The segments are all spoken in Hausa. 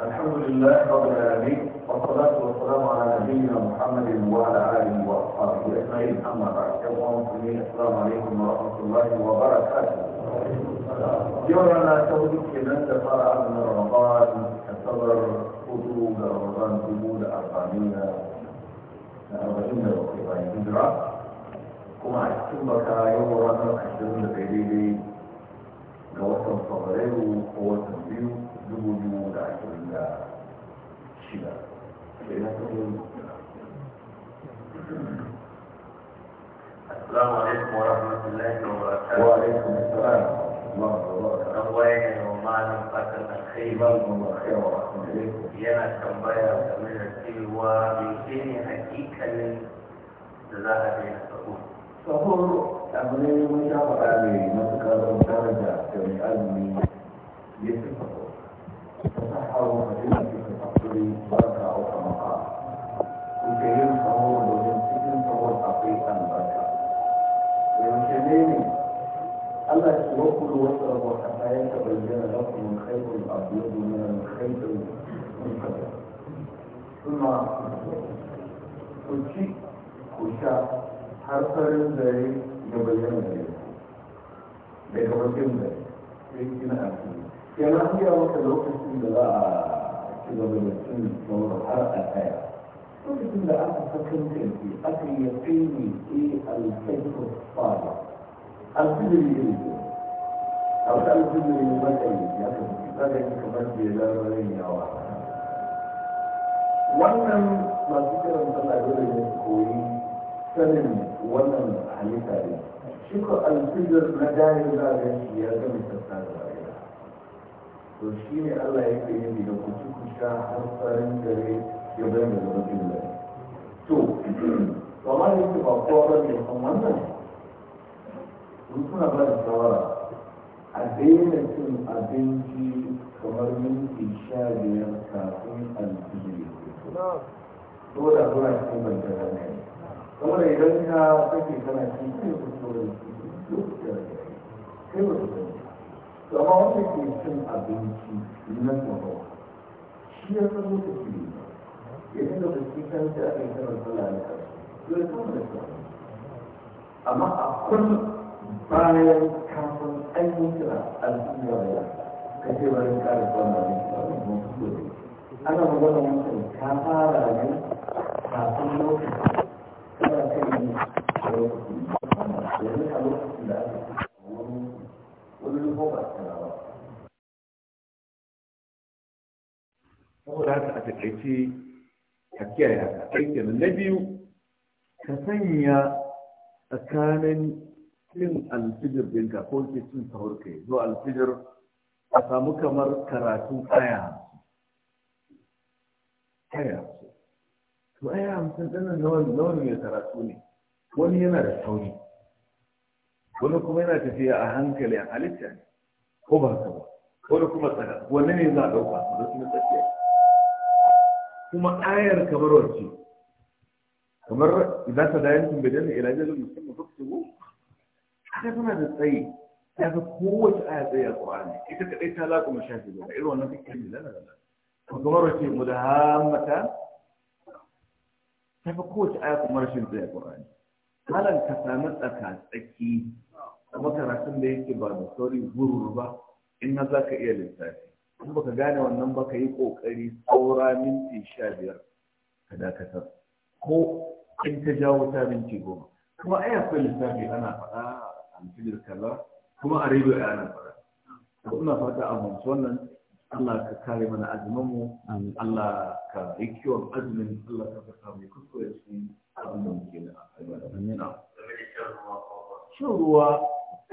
الحمد لله رب العالمين والصلاة والسلام على نبينا محمد وعلى آله وأصحابه أجمعين أما بعد يا المسلمين السلام عليكم ورحمة الله وبركاته يومنا تودك لن تفرع من رمضان الصبر خطوب رمضان فطور أربعين أربعين وخمسين هجرة كما أحسن بك يوم رمضان أشهر بيدي ga watan fabrairu ko watan biyu dubu biyu السلام عليكم ورحمة الله وبركاته وعليكم السلام ورحمة الله وبركاته أولا ومعنا فاتن الخير الخير ورحمة الله يانا وتمنى السيل حقيقة sahur abu ne mun sha faɗa ne matuƙar daraja da mai azumi ya fi sahur ta sahawa a cikin cikin sahuri barka a wata maka ku ke yin sahur domin cikin sahur akwai albarka yaushe ne ne Allah ya ce wa kulu wasu rabu hatta ya tabayyana lakum min khaytul abyadu min khaytul munfadir kuma ku ci ku sha har farin zare ya bayyana ne daga bakin da yankin a ya lafiya maka lokacin da za a ci gaba da cin sauran har a kaya lokacin da aka sakan kanki aka yi kai ne ke fara alfidiri ne ne a wata alfidiri ne ba yi ya kasance tsada yi kamar da ya lararin yawa wannan masu kiran sallah ne koyi sanin wannan halitta ne shi ko alfijir na jahil za ga shi ya zama mai sassa da rayuwa to shi ne Allah kai yin da ku ci ku har tsarin dare ya bayar da zama da to kama ne ba kowa ba ne kan wannan mun suna ba da shawara a daina cin abinci kamar minti sha biyar kafin alfijir ya fito. Dole a zuwa cikin bantara ne. saboda idan ka sake kana ci kai ba su da kai ba su da amma wanda ke cin abinci na tsoro shi ya san lokaci ne ya san da fuski kan ta ake kana sallah na ƙarshe dole da shi amma a kullum bayan kafin ainihin kira al'umma ya ka ce bayan ƙara sallah ne ba ne ba ana magana mutum ka fara ne kafin lokaci saboda a takaice a kiyaye na biyu ka sanya tsakanin cin alfijir ɗinka ko ke cin sahur kai zuwa alfijir a samu kamar karatun aya aya to ai hamsin ɗinnan nawan mai karatu ne wani yana da sauri wani kuma yana tafiya a hankali a halitta ne ko ba haka ba wani kuma tsaka wani ne za a ɗauka wani kuma tsakiya kuma ayar kamar wacce kamar za ta dayan tun bidan ila jalin musamman duk su go ta tana da tsayi ta ga kowace aya tsaye a ƙwa'ani ita kaɗai ta laƙuma shafi gaba irin wannan fikirin da lalata kamar wacce mu da hamata ta fi kowace aya kuma rashin tsaye ƙur'ani malam ka sami tsaka tsaki a makaratun da yake ba da sauri gurur ba in na za ka iya lissafi in baka gane wannan ba ka yi ƙoƙari saura minti sha biyar ka dakatar ko in ka jawo wuta minti goma kuma aya kai lissafi ana faɗa a alfijir kaza kuma a rediyo ana faɗa ina fata a wannan Allah ka kare mana azuminmu, Allah ka yi kiwon azumin Allah ka saka mai kuskure ruwa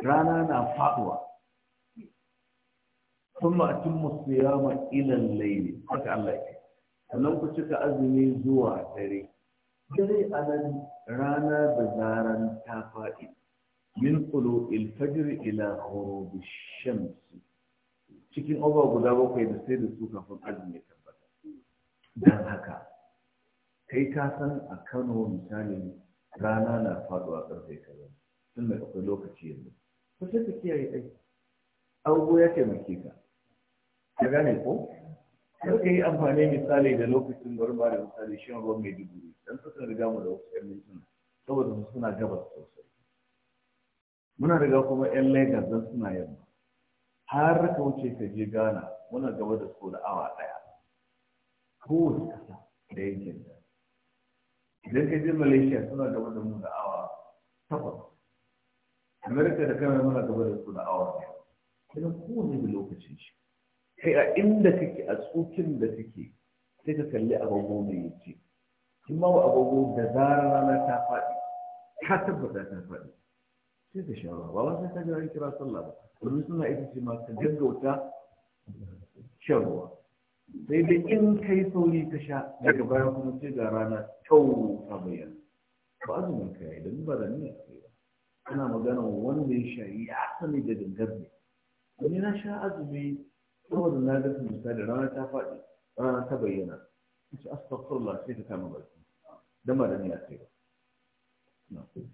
rana na faduwa. Sun ma'atin musu ya ma'ilan laili, haka Allah ke. Sannan ku cika azumi zuwa dare. Dare a nan rana da zaran ta faɗi. Min ƙulo ilfajir ila horo shamsi. cikin oba guda bakwai da sai da su kafin azumi ya tabbata don haka kai ka san a kano misali rana na faduwa karfe kaza tun da akwai lokaci yanzu ko sai ka kiyaye kai? abubuwa ya taimake ka ka gane ko kar ka yi amfani misali da lokacin bari ba da misali shan ruwan mai dubu dan san riga mu da wasu yan mintuna saboda suna gabas sosai muna riga kuma yan lagos don suna yamma har ka wuce ka je Ghana muna gaba da su da awa ɗaya kowace ƙasa da yake da idan ka je Malaysia suna gaba da mu da awa takwas America da Canada muna gaba da su da awa ɗaya kuma kowane da lokacin shi kai a inda kake a tsokin da kake sai ka kalli agogo mai yace in ma agogo da zarar rana ta faɗi ka tabbata ta faɗi sai ka sha ruwa ba sai ka jira kira sallah ba domin suna ita ce ma ka gaggauta shan ruwa sai dai in ka yi sauri ka sha daga baya kuma sai ga rana tau ta bayyana ba azumin ka yayi don ba da niyya kai ba ana magana wanda ya sha ya sani da dangar ne wani na sha azumi saboda na ga sun da rana ta faɗi rana ta bayyana kace astaghfirullah sai ta kama baki dan ba da niyya kai ba na'am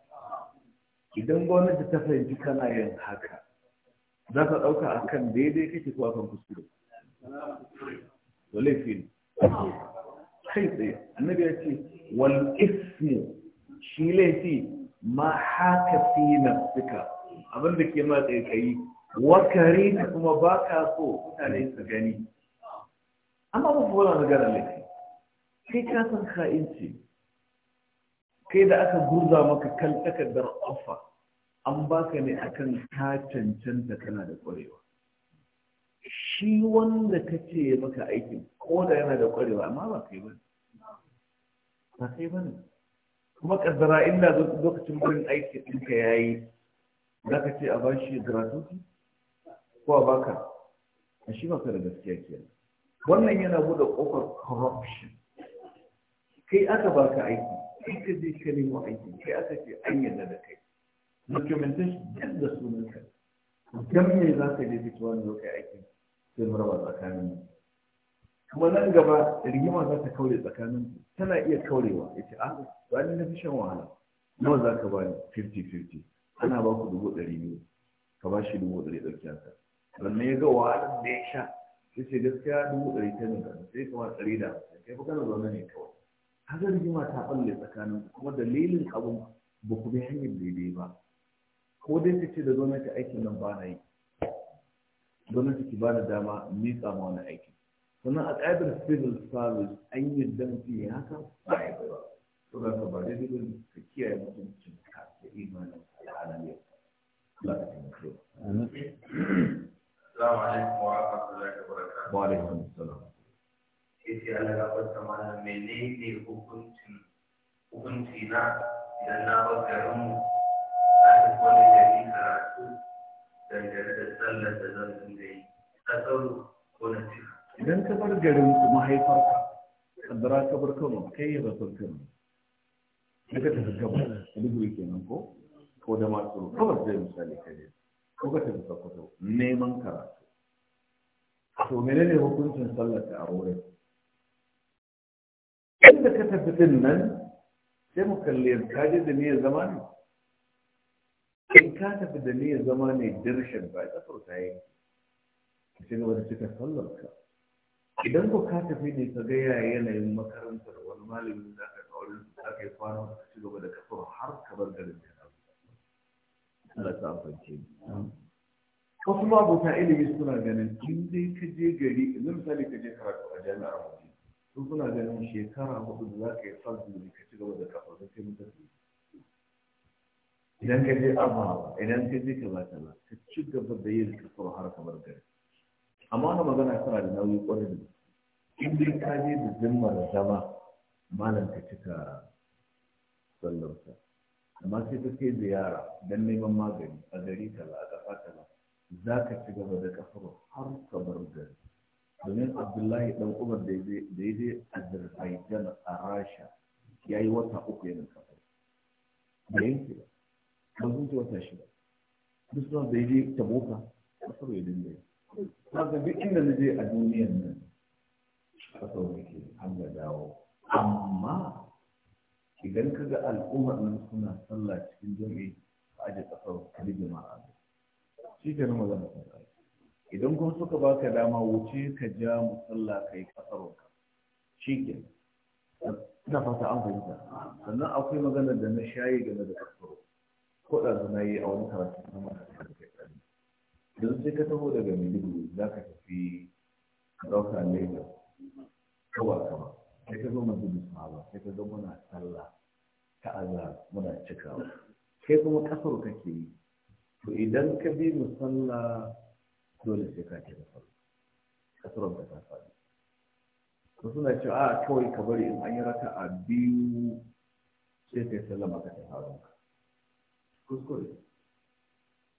idan gwamnati ta fahimci kana yin haka za ka ɗauka a kan daidai kake kuwa a kan kuskure wale fi kai tsaye annabi ya ce wal ismu shi laifi ma haka fi nafsika abin da ke ma tsaye wakari da kuma ba ka so mutane su gani amma ba su wala magana laifi kai ka san ka'inci kai da aka gurza maka kan takardar offer an baka ne akan ka cancanta kana da kwarewa shi wanda ka ce maka aikin ko da yana da kwarewa amma ba kai bane ba kai bane kuma kaddara inda lokacin gurin aiki ɗinka ya yi za ka ce a ba shi gratuity ko a baka a shi baka da gaskiya kenan wannan yana buɗe ƙofar corruption kai aka baka aiki kai ka je ka nemo aiki kai aka ce an yadda da kai documentation duk da sunanka dan me za ka je fito wani lokaci aiki sai mu raba tsakanin mu kuma nan gaba rigima za ta kaure tsakanin ku tana iya kaurewa ya ce ah ba ni na fi shan wahala nawa za ka bani 50-50 ana ba ku dubu ɗari biyu ka ba shi dubu ɗari ɗauki haka sannan ya ga wahalar da ya sha Ya ce gaskiya dubu ɗari ta ne sai kuma ɗari da kai fa kana zaune ne kawai kaga rigima ta balle tsakanin kuma dalilin abun ba ku bi hanyar daidai ba ko dai ta ce da gwamnati aikin nan ba na yi gwamnati ki ba da dama ni ma wani aikin sannan a ƙa'idar civil service an yi damfi ya haka ba ya bai ba to ga ka ba daidai ba ka kiyaye mutuncin ka da imanin al'adar yau Allah ka taimake wa. Assalamu alaikum wa rahmatullahi wa barakatuh. Wa alaikum assalam. sai Allah ya fasa mana menene hukuncin hukunci na idan na bar garin mu na tafi wani gari karatu dangane da sallar da zan dinga yi ta sauro ko na cika. Idan ka bar garin ku mahaifarka kaddara ka bar kano kai ya rasu kano. Daga tafi gaba, Eliguri kenan ko? Ko da masu kawar zai misali ka ne. Ko ka ta tafi Sokoto neman karatu. To menene hukuncin sallar ta a wurin? tafi nan sai mu kalli ka je da niyyar zama ne in ka tafi da niyyar zama ne dirshin ba kafar ta yi ka ci gaba da cika sallar ka idan ko ka tafi ne ka ga ya yanayin makarantar wani malamin da aka kawo da aka yi kwana ka ci gaba da kafar har ka bar garin ka Allah ta amfance wasu ma abota ilimi suna ganin in dai ka je gari idan misali ka je karatu a jami'ar mu sun suna ganin shekara hudu da za ka yi fardu ne ka ci gaba da kafa sai sai mutum idan ka je amawa idan ka je kaza kaza ka ci gaba da yin kasuwar har kamar gari amma wani magana tana da nauyi kwarai da in dai ka je da zimmar zama malam ka cika sallarsa amma sai ka kai yara don neman magani a gari kaza a kafa kaza za ka ci gaba da kafa har kamar gari domin abdullahi dan umar da ya je azerbaijan a rasha ya yi wata uku yana kafar da yanke ba ba sun ci wata shida duk suna da ya je taboka kasar ya dinga yi ba ga duk inda na je a duniyan nan kasar saboda ke an ga dawo amma idan ka ga al'ummar nan suna sallah cikin jami'i a ajiye kasar kalibin ma'a shi ke nan magana ta idan kuma suka baka dama wuce ka ja musalla kai kasarwarka shi ke ina fata an fahimta sannan akwai magana da na shayi game da kasaro ko da na yi a wani karatu na da kai don sai ka taho daga maiduguri za ka tafi ɗauka lagos ko ba kama sai ka zo masu ba sai ka zo muna sallah ta aza muna cikawa kai kuma kasar kake yi to idan ka bi musalla dole sai ka ce da farko kasuran ka ta faɗi to suna ce a kawai ka bari in an yi raka a biyu sai kai sallama ka ta haron ka kuskure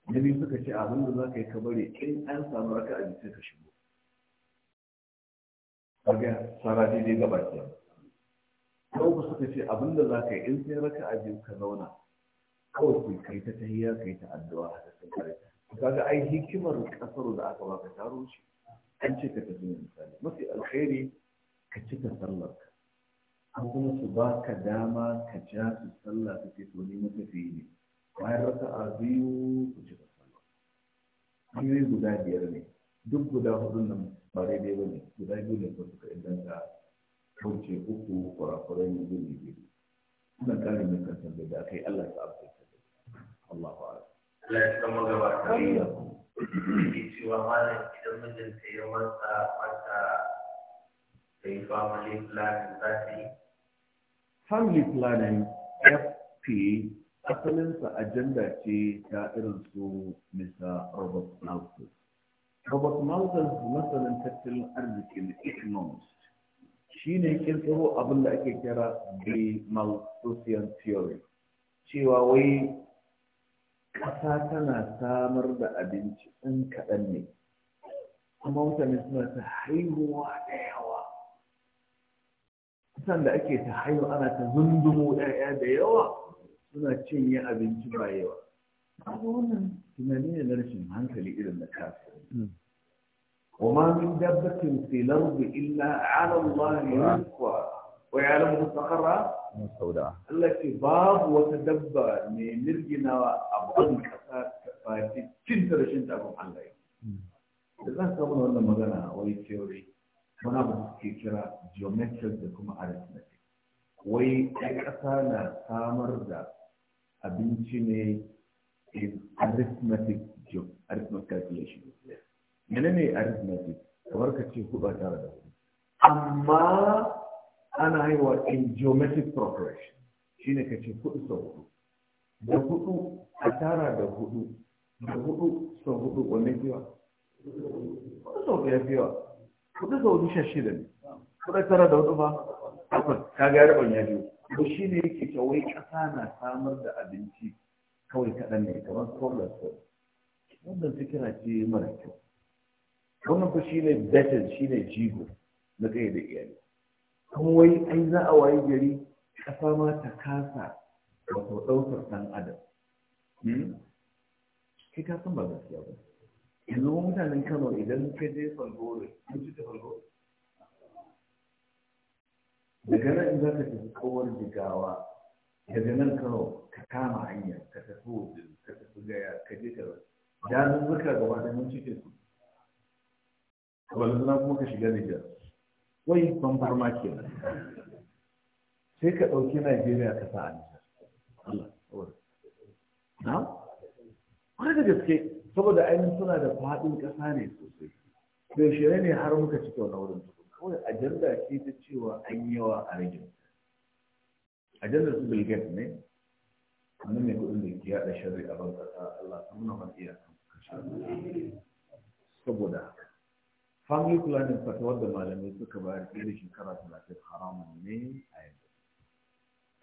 na biyu suka ce abin da za ka yi ka bari in an samu raka a biyu sai ka shigo kaga sara daidai gaba ke ta uku suka ce abin da za ka yi in sai raka a biyu ka zauna kawai kai ta tahiya kai ta addu'a haka sun kare ta kaga ai hikimar kasar da aka baka ta rushe an ce ka tafi misali mafi alkhairi ka cika sallar ka an kuma su baka dama ka ja su sallah ka ce to ni matafi ne bayan raka a biyu ku cika sallar hanyoyi guda biyar ne duk guda hudun nan ba daidai ba ne guda biyu ne ko suka inganta kauce uku kurakurai ne biyu ne biyu suna ƙarin mai kansan da aka yi allah ta abin Allah ba'a Allah ya san magabata ne cewa malam idan mijinta ya masa mata ta yi family planning za ta yi. Family planning FP asalinsa ajanda ce ta irin su Mr. Robert Malthus. Robert Malthus masanin tattalin arzikin economist shi ne kirkiro abin da ake kira the Malthusian theory cewa wai ƙasa tana samar da abinci ɗin kaɗan ne kuma mutane suna ta haihuwa da yawa kusan da ake ta haihu ana ta zundumo ɗaya da yawa suna cinye abinci ba yawa abu wannan tunani ne na rashin hankali irin na kafin وما من دابة في الأرض إلا على الله رزقها ويعلم Allah ke babu wata dabba mai mirginawa a ban kasa ta fati cin ta abin tabon da zan samu wannan magana wai teori, wani abu da suke kira geometric da kuma arithmetic wai ya kasa na samar da abinci ne in arithmetic arithmetic calculation ne arithmetic kamar ka ce hudu tara da hudu amma ana haihuwa in geometric progression shine ka ce kudu sau hudu da hudu a tara da hudu da hudu sau hudu wanne fiwa kudu sau biyar fiwa kudu sau hudu shashi da ne kudu tara da hudu ba takwas ka ga yarban ya biyu ko shi ne yake ta wai ƙasa na samar da abinci kawai kaɗan ne kamar solar cell wannan kira ce mara kyau wannan ku shi ne betin shi ne jigo na kai da iyali kuma wai ai za a wayi gari ƙasa ma ta kasa wato ɗaukar ɗan adam hmm? kai ka san ba gaskiya ba yanzu mutanen kano idan ka je falgore ka ci ta falgore daga nan za ka tafi kowar jigawa daga nan kano ka kama hanya ka tafi wajen ka tafi gaya ka je ka da zuka gaba da mun cikin su kuma kuma ka shiga nijar wai ban farmaki ke sai ka ɗauki najeriya ka sa a Allah na? kwanar da gaske saboda ainihin suna da faɗin ƙasa ne sosai da shirya ne har muka ci kyau na wurin kawai ajanda ce ta cewa an yi yawa a rage ajandar su bilget ne wani mai kudin da ke yada shari'a ban ƙasa Allah ta nuna man iya saboda family planning fatawar da malamai suka bayar fiye da shekara talatin haramun ne a yanzu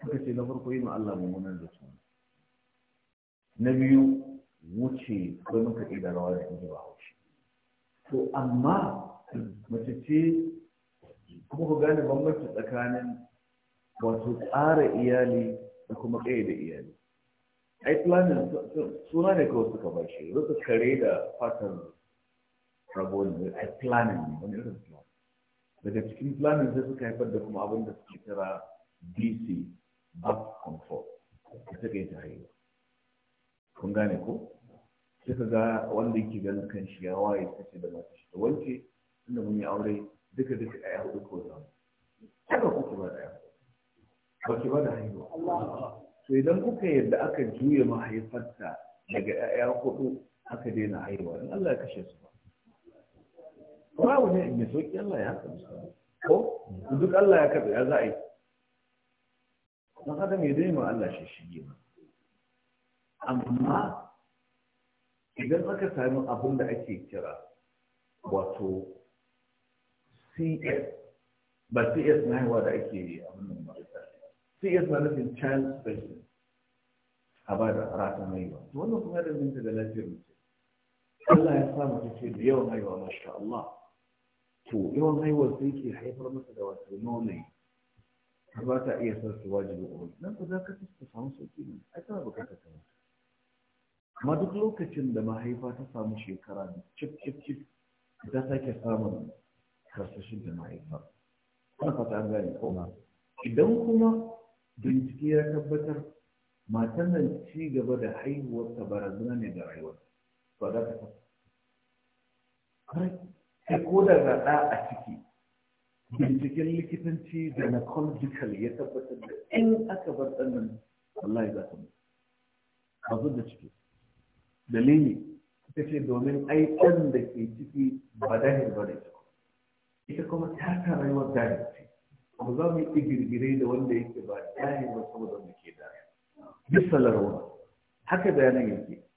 suka ce na farko yi ma Allah mummunan da su na biyu wuce kai muka da rawa da inji ba haushi to amma mace ce kuma ku gane bambanci tsakanin wato tsara iyali da kuma ƙaya da iyali ai planning suna ne kawai suka bashi rasa kare da fatar rabo ne ai planning ne wani irin plan daga cikin planning sai suka haifar da kuma abin da suke kira dc birth control da suka yi ta haihuwa kun gane ko sai ka ga wanda yake ganin kan shi ya waye kace da mata shi wance inda mun yi aure duka duka a ya duka ko zama haka kuke ba da ya ba ke ba da haihuwa to idan kuka yadda aka juya mahaifarta daga 'ya'ya hudu aka daina haihuwa in Allah ya kashe su ba ba wani mai sauki Allah ya ko duk Allah ya kafa ya za'a yi don adam ya daima Allah shi shige ma amma idan aka sami abin da ake kira wato cs ba cs na haiwa da ake abin da ba cs na nufin child special a ba da rata haiwa wannan kuma da zinta da lafiyar mutum Allah ya sa mutum ce da yawan haiwa masha Allah to yawan haihuwar sai ke haifar masa da wasu nonai har ba ta iya sarki wajibi a wani nan ku za ka ta samu sauki ne ai ba bukatar ta mutu amma duk lokacin da mahaifa ta samu shekara da cif cif cif ta sake samun karsashin da mahaifa kuma fata an gane ko idan kuma bincike ya tabbatar matan nan ci gaba da haihuwar ta barazana ne da rayuwar ba za ka ta sai ko da raɗa a ciki binciken likitanci da na ya tabbatar da in aka bar ɗannan wallahi za ta mutu da ciki dalili ita ce domin aikan da ke ciki ba da ba da ita ita kuma ta ta rayuwar dahil ce ba za mu yi girgire da wanda yake ba da ba saboda muke da dahil bisa larwa haka bayanan yake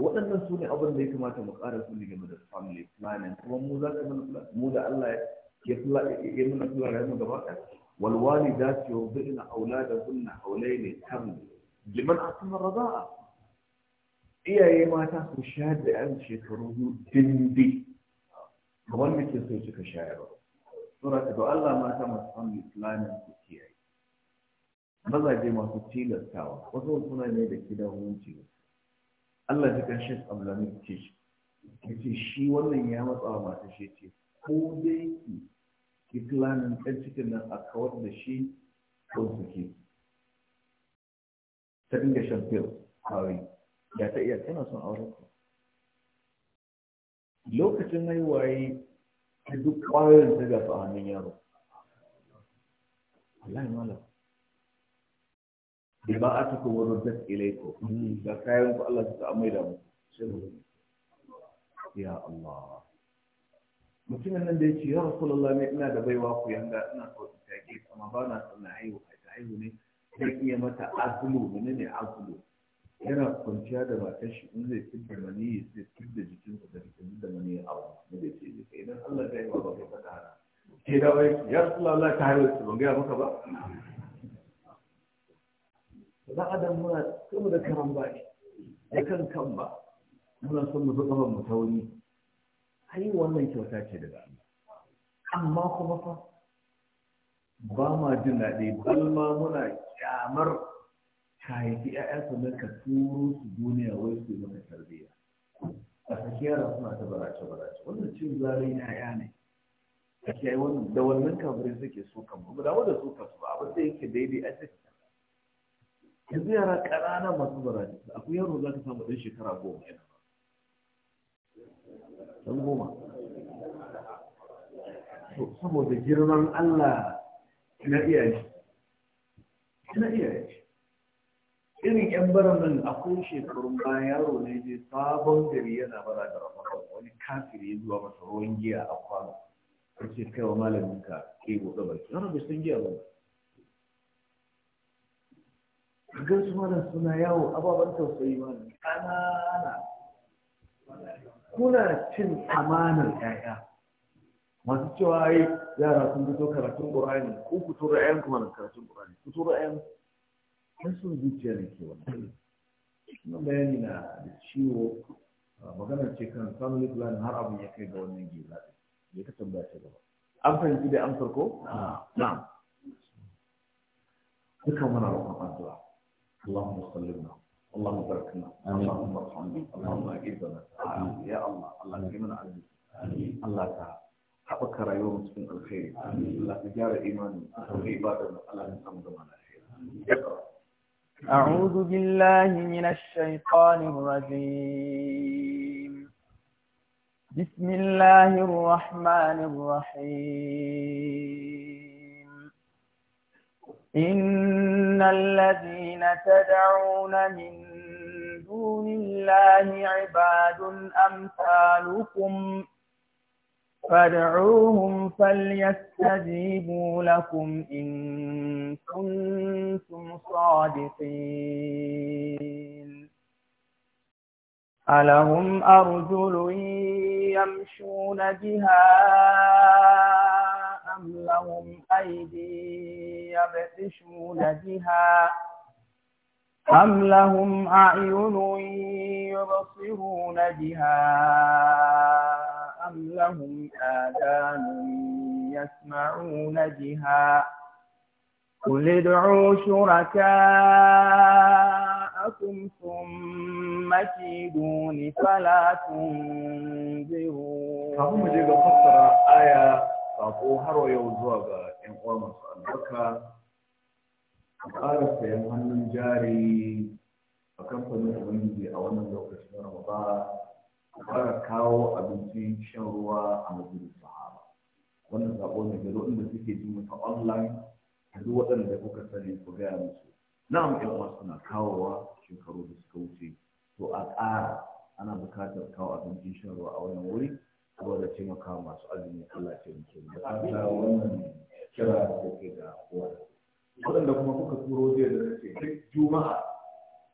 waɗannan su ne abin da ya kamata mu ƙara su game da family planning kuma mu za ka mana mu da Allah ya ya mana kula da mu gaba ɗaya wal walidati yurdina auladahunna hawlayn kam liman asma radaa iyaye mata su shayar da yan shekaru dindi Kamar me ke so kika shayarwa sura ta da Allah mata masu family planning su kiyaye mazaje masu tilastawa wasu suna ne da kidan wuce Allah ya kan shi tsamlani ce shi ya ce shi wannan ya matsa wa masu shi ce ko dai ki ki planin ɗan cikin nan a kawar da shi ko su ke ta dinga shan fil kawai Ya ta iya tana son auren ku lokacin haihuwaye ta duk ƙwayoyin ta gafa hannun yaro ya malam bi ma atakum wa ruddat ilaykum da hmm. kayan ku Allah ta amai da mu ya Allah mutumin nan da ya ce ya rasulullah ne ina da baiwa ku yanga ina so in take amma ba na son haihu haihu ta haihu ne zai iya mata azulu ne azulu yana kwanciya da matan shi in zai fidda mani ya fidda jikinsa da jikin da mani a wani ne da ce yi idan Allah ya yi wa ba ka fata hana ke da wai ya rasulullah ta haihu ban gaya maka ba dan muna kama da karan baki da kan kan ba muna son mu zuba mu tauri ai wannan kyauta ce daga Allah amma kuma fa ba ma jin daɗi balma muna kyamar ka haifi ‘ya'ya ka turo su duniya wai su maka tarbiyya a saki yara suna ta barace barace wannan cin zalin ‘ya'ya ne a kiyaye wannan da wannan kafirin suke so kan mu da wanda so kan su ba abin da yake daidai a cikin yanzu yara ƙanana masu barani da akwai yaro za ka samu ɗan shekara goma yana ɗan goma saboda girman Allah na iyaye na iyaye irin yan baran nan akwai shekarun ba yaro ne je sabon gari yana bara da ramadan wani kafiri ya zuwa masa ruwan giya a kwano ya ce kai wa malamin ka ke gobe baki yana bai san giya ba gan su mana suna yawo ababen tausayi mana ƙanana kuna cin amanar ƴaƴa masu cewa ai yara sun fito karatun ƙur'ani ko ku tura ƴan kuma na karatun ƙur'ani ku tura ƴan ɗan sun zuciya ne ke wani wannan bayani na da ciwo maganar ce kan family plan har abin ya kai ga wannan gila ya ka tambaya ta gaba an fahimci da an farko na'am dukan muna roƙon addu'a اللهم صل لنا اللهم بارك لنا اللهم ارحمنا اللهم اجبنا يا الله الله يجيبنا على الله تعالى حقك رايوم من الخير الله تجار ايمان عبادنا الله نسمد معنا أعوذ بالله من الشيطان الرجيم بسم الله الرحمن الرحيم إن الذين تدعون من دون الله عباد أمثالكم فادعوهم فليستجيبوا لكم إن كنتم صادقين ألهم أرجل يمشون بها أم لهم أيدي يبتشون بها أم لهم أعين يبصرون بها أم لهم آذان يسمعون بها قل ادعوا شركاءكم ثم كيدون فلا تنظرون. فهم جيدا فسر آية Ako har yau zuwa ga 'yan uwa masu albarka a ƙara sayan hannun jari a kamfanin ubangiji a wannan lokacin ba a ƙara kawo abinci shan ruwa a majalis sahaba wannan sako ne gado inda suke ji mata online a duk waɗanda kuka sani ku gaya musu na'am ƴan uwa suna kawowa shekaru da suka wuce to a ƙara ana buƙatar kawo abincin shan ruwa a wannan wuri saboda taimaka masu azumi Allah ce muke da Allah wannan kira da take da kowa waɗanda kuma kuka turo zai da kake duk juma'a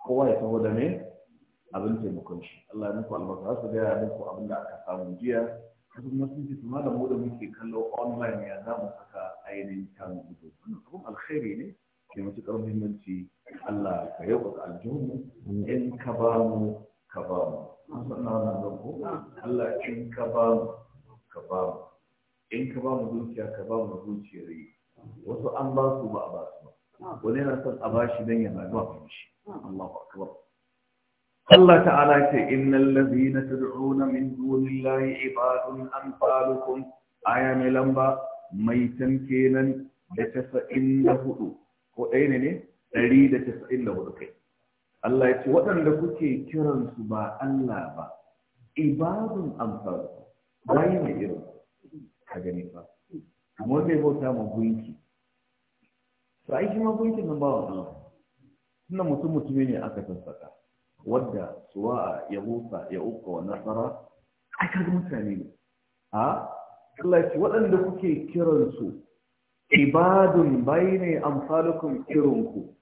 kowa ya taho da ne abin taimakon shi Allah ya muku albarka su ga ya muku abin da aka samu jiya kasu kuma sun ce su ma da mu da muke kallo online ya za mu saka ainihin kamun ido wannan abin alkhairi ne ke matuƙar muhimmanci Allah ka yau ka aljihunmu in ka ba mu ka ba mu suna wannan zanko Allah in ka ba ka ba in ka ba mu zuciya ka ba mu zuciyar yi wasu an ba su ba a ba su ba wani yana son a ba shi don yana ba mu shi Allahu akbar Allah ta'ala ce innal ladhina tad'una min dunillahi ibadun amsalukum aya mai lamba mai san kenan da 94 ko ɗaya ne ne 194 kai Allah ya ce waɗanda kuke kiransu ba Allah ba ibadun amfani bayan mai irin ka gani fa Kuma zai bauta ma gunki to ai ma nan ba wa suna mutum mutumi ne aka sassaka wadda suwa ya musa ya uka wa nasara ai ga mutane ne Ha? Allah ya ce waɗanda kuke kiransu ibadun ne amfalukum irinku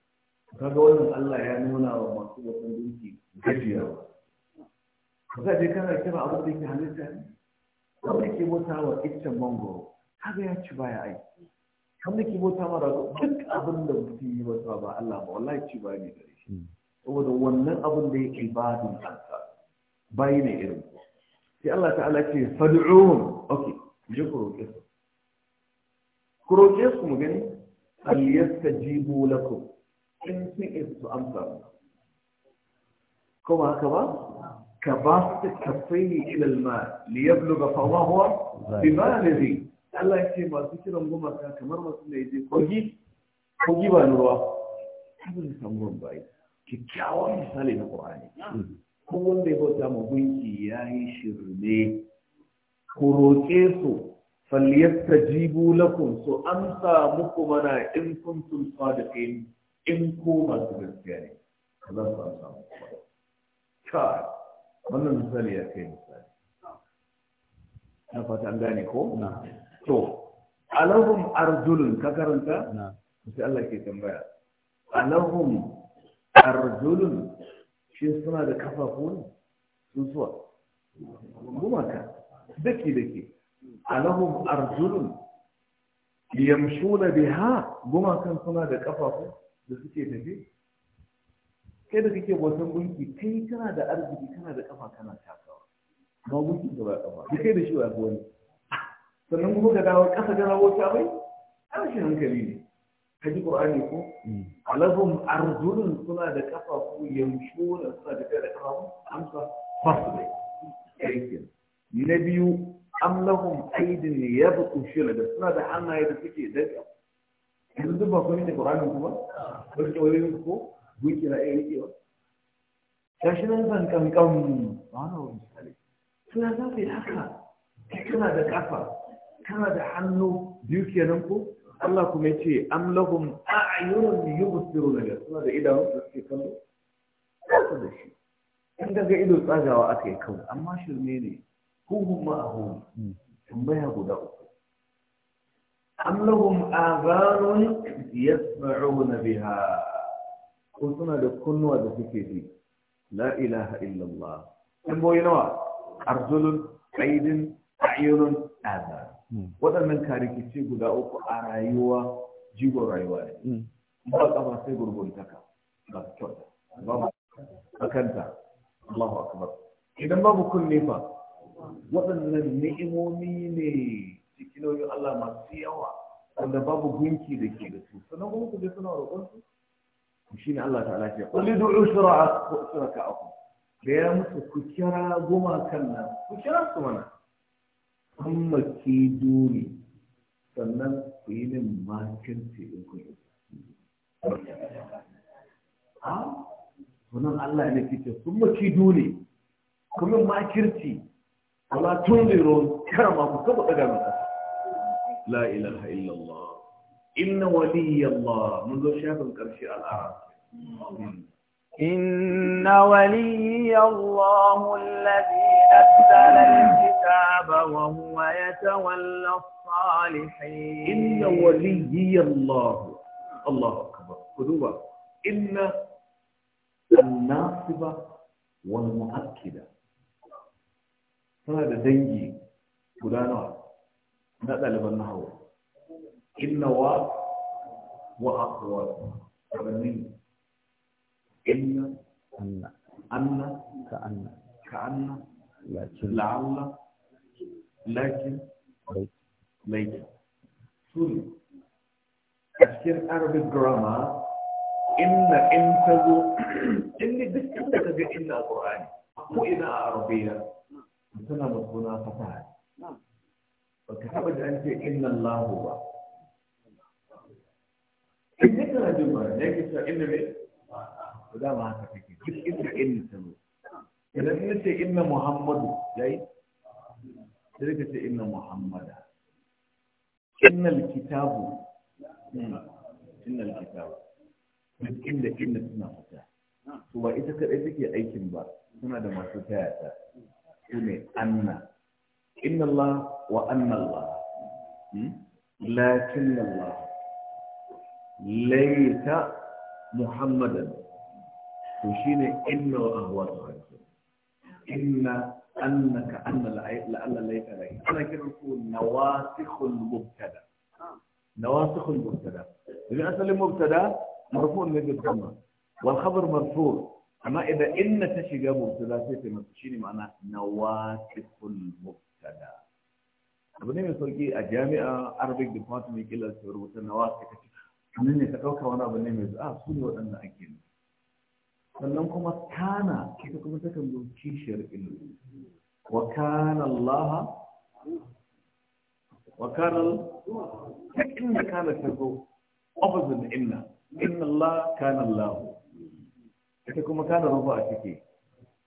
kaga wannan Allah ya nuna wa masu wasan dinki gajiyawa ba za je kana kira abin da yake halitta ne da ke bota wa iccen mangoro kaga ya ci baya ai da ke bota ma rago duk abin da mutum yi masa ba Allah ba wallahi ci baya ne gare shi saboda wannan abin da yake ibadun kansa bai ne irin sai Allah ta'ala ce fad'un okay je ku roƙe su ku roƙe su mu gani al yastajibu lakum in sun isa su kuma haka ba ka ba su kafai ilal ma li yabluga fa ma huwa bi balighi Allah ya ce masu kiran goma ka kamar masu da kogi kogi ba ruwa abin samun bai kikkiawan misali na Qur'ani ko wanda ya bauta ma gunki yi shirme ku roƙe su jibu lakum su amsa muku mana in kuntum sadiqin in ko masu gaskiya ne ba za su an samu kai wannan misali ya kai misali na fata an gane ko Na to alahum arjulun ka karanta sai Allah ke tambaya alahum arjulun shi suna da kafafu ne sun suwa gumaka daki daki alahum arjulun yamshuna biha gumakan suna da kafafu da suke tafi kai da kake bautan gunki kai kana da arziki kana da kafa kana takawa amma gunki ba kafa duk kai da shi ba wani sannan kuma ka dawo ga rawo ta bai an shi hankali ne ka ji qur'ani ko alahum mm. arzulun suna da kafafu da suna da da kafafu amsa fasu dai na biyu am lahum aydin shila da suna da hannaye da suke daga yanzu duk ba ku rike ƙuranin ku ba ku rike ko nan ba na haka kana da kafa kana da hannu biyu kenan ko Allah kuma ce am lahum a'yunun yubsiruna suna da idanu da suke kallo da shi in daga ido tsagawa aka yi kawai amma shirme ne huhun ma'ahu tambaya guda uku am lahum azanun yasma'una biha ko suna da kunnuwa da suke ji la ilaha illallah in boye nawa arzulun aidin ayyunun azan waɗannan karikici guda uku a rayuwa jigon rayuwa ne ba kama sai gurguntaka ba kyauta ba akanta Allahu akbar idan babu kunne fa waɗannan ni'imomi ne cikin Allah masu yawa wanda babu gunki da ke da su sannan kuma ku je suna roƙon su shi ne Allah ta'ala ce kulli du'u shura'a ko shuraka aku da ya musu ku kira gumakan nan ku kira su mana amma ke duni sannan ku yi min makirci in ku yi a sunan Allah ne ke ce sun duni, ku yi makirci wala tun zai liron karama ku kaba daga mai لا إله إلا الله إن ولي الله منذ شاف الكرشي الأعراب إن ولي الله الذي نزل الكتاب وهو يتولى الصالحين إن ولي الله الله أكبر قدوبة إن الناصبة والمؤكدة هذا دنجي قدانوات na ɗaliban na hau innawa wa akwa ƙarni inna anna anna ka anna ka anna lakin la'alla lakin lakin su ne a cikin arabic grammar inna in ta zo in ne duk inda ka ga inna a ƙorani ko ina a arabiya tana da suna fasaha ba ka taɓa da an ce inna Allahu ba in ne kana jin ba ne ke cewa inna ne ba da mu haka take duk inda inna ta zo idan ina ce inna Muhammadu yayi sai ka ce inna Muhammada inna alkitabu inna alkitabu duk inda inna suna fita to ba ita kadai take aikin ba suna da masu taya ta su ne anna إن الله وأن الله لكن الله ليس محمدا وشين إن وأهوات إن أنك أن لأن ليس ليس أنا كده أقول نواسخ المبتدا نواسخ المبتدا إذا أصل المبتدا مرفوع من الضمة والخبر مرفوع أما إذا إن تشجع ثلاثة ما تشيني معناه نواسخ المبتدا kada abu ne mai sauki a jami'a arabic department kila su rubuta na wasu ka ci nan ne ka ɗauka wani abu ne mai zuwa su ne ake sannan kuma kana ita kuma ta kan zo kishiyar ilimi wa kana Allah wa kana ta inda kana ta zo opposite inna inna Allah kana Allah ita kuma kana a ciki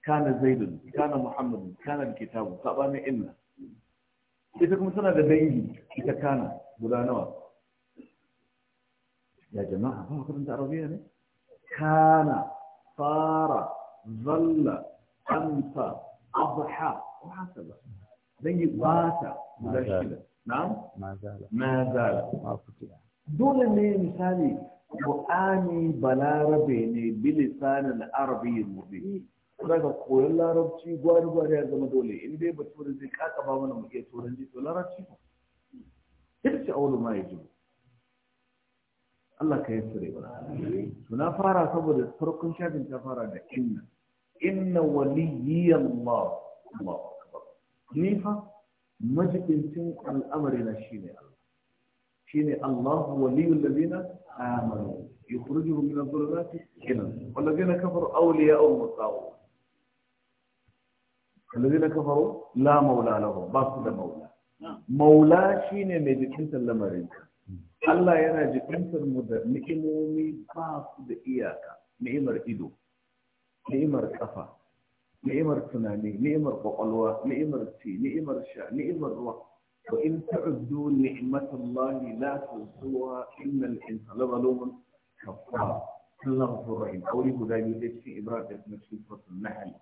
kana zaidun kana muhammadun kana kitabu sabanin inna ita kuma tana da dangi ita kana guda nawa ya jama'a ba karanta arabiya ne kana fara zalla amsa abha wa hasaba dangi bata guda shida na'am ma zala ma zala ma dole ne misali Qur'ani balarabe ne bilisanin arabiyyin mubin daga koyon larabci gwari-gwari ya zama dole in dai ba turin zai kaka ba mana muke iya turanci, to larabci ba ita ce aulu ma ya ji Allah ka yi tsire ba to na fara saboda farkon shafin ta fara da inna inna waliyyi Allah Allah ba. ni fa majibincin al'amari na shine Allah shine Allah waliyul ladina amanu yukhrijuhum min adh-dhulumati ila an-nur wal ladina kafaru awliya'uhum at musawo? الذين كفروا لا مولى لهم باس ده مولى مولى شيني mai jikintar lamarinka Allah yana jikintar mu da ni'imomi ba su da iyaka ni'imar ido ni'imar kafa ni'imar tunani ni'imar kwakwalwa ni'imar ci ni'imar sha ni'imar ruwa wa in ta'uddu ni'matallahi la tuhsuha innal insana zalumun kafar Allahu rahim auri guda biyu da cikin Ibrahim da kuma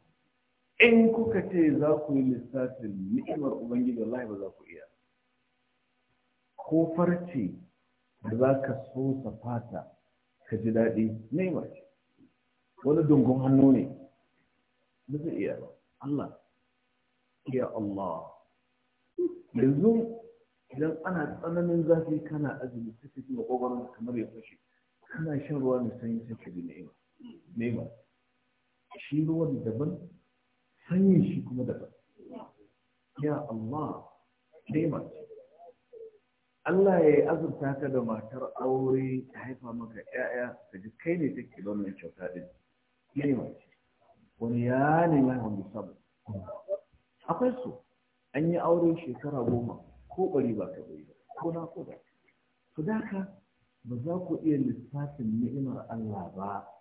in kuka ce za ku yi lissafin ni'imar ubangiji Allah ba za ku iya ko farce da za ka so sa fata ka ji daɗi ni'ima ce wani dungun hannu ne ba zai iya ba Allah ya Allah yanzu idan ana tsananin zafi kana azumi ta fi ji makogwaron kamar ya fashe kana shan ruwa mai sanyi sai ka ji ni'ima ni'ima shi ruwan daban sanyin shi kuma daban ya Allah nema Allah ya yi azurta ka da matar aure ta haifa maka ‘ya'ya ta ji kai ne take da wannan kyauta ɗin wani ya ne ya wani sabu akwai su an yi aure shekara goma ko ɓari ba ka bai ko na ko da su da ka ba za ku iya lissafin ni'imar Allah ba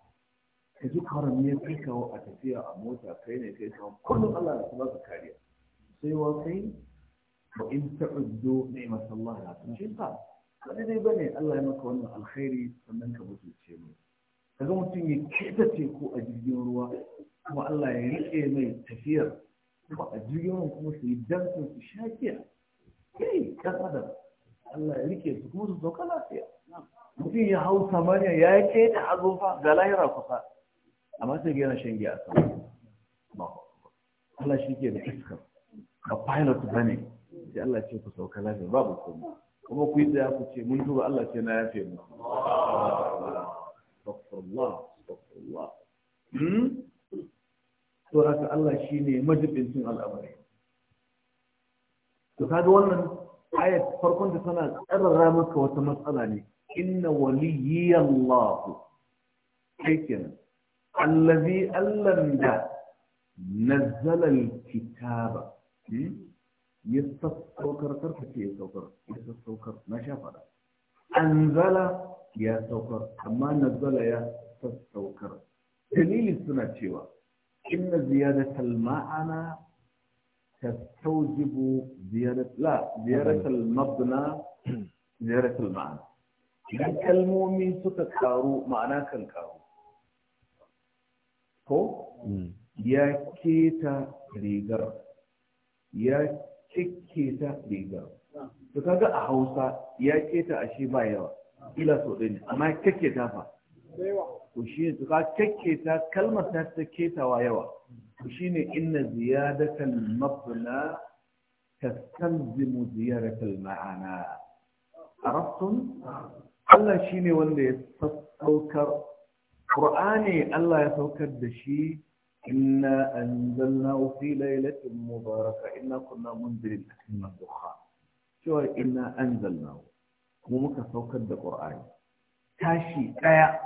ka ji kwaran ne kai kawo a tafiya a mota kai ne kai kawo kullum Allah ya ba ka kariya sai wa kai wa in ta'uddu ni'mat Allah la tuhsuha wani dai ne Allah ya maka wannan alkhairi sannan ka mutunce mu kaga mutum ya keta teku a jirgin ruwa kuma Allah ya riƙe mai tafiyar kuma a jirgin ruwa kuma su yi dantin su shakiya kai dan adam Allah ya riƙe su kuma su sauka lafiya mutum ya hau samaniya ya keta azofa ga lahira kusa amma sai ga yana shan giya a sama Allah shi ke da iska ba pilot ba ne sai Allah ce ku sauka lafiya babu kuma ku yi tsaya ku ce mun duba Allah ce na yafe mu astaghfirullah astaghfirullah hmm? to haka Allah shine majibincin al'amari to kaga wannan ayat farkon da tana tsarara maka wata matsala ne inna waliyallahu kai kenan الذي ألم نزل الكتاب يستوكر ترفت يستوكر يستوكر ما شاف هذا أنزل يا سوكر أما نزل يا تستوكر دليل السنة شوى إن زيادة المعنى تستوجب زيادة لا زيادة المبنى زيادة المعنى كلمومي ستكارو معناك الكارو ko mm. ya keta rigar ya kiketa rigar to kaga a hausa ya keta shi ba yawa ila so ɗin amma kiketa fa to shi ne ka kiketa kalmar ta ta ketawa yawa to shi ne inna ziyadatan mabna tastanzimu ziyaratal ma'ana arabtum ah. Allah shi ne wanda ya sassaukar Qur'ani Allah ya saukar da shi inna anzalnahu fi lailatin mubaraka inna kunna munzirin akin dukha cewa inna anzalnahu mu muka saukar da ƙur'ani. tashi ɗaya